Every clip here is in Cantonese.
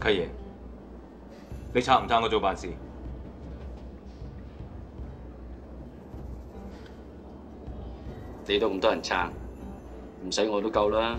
契爺，你撐唔撐我做辦事？你都咁多人撐，唔使我都夠啦。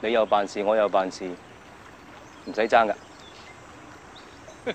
你又辦事，我又辦事，唔使爭㗎。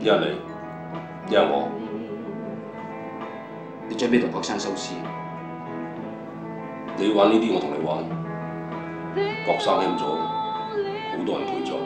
一係你，一係我。你最屘同郭生收屍，你玩呢啲，我同你玩。郭生欠咗，好多人陪葬。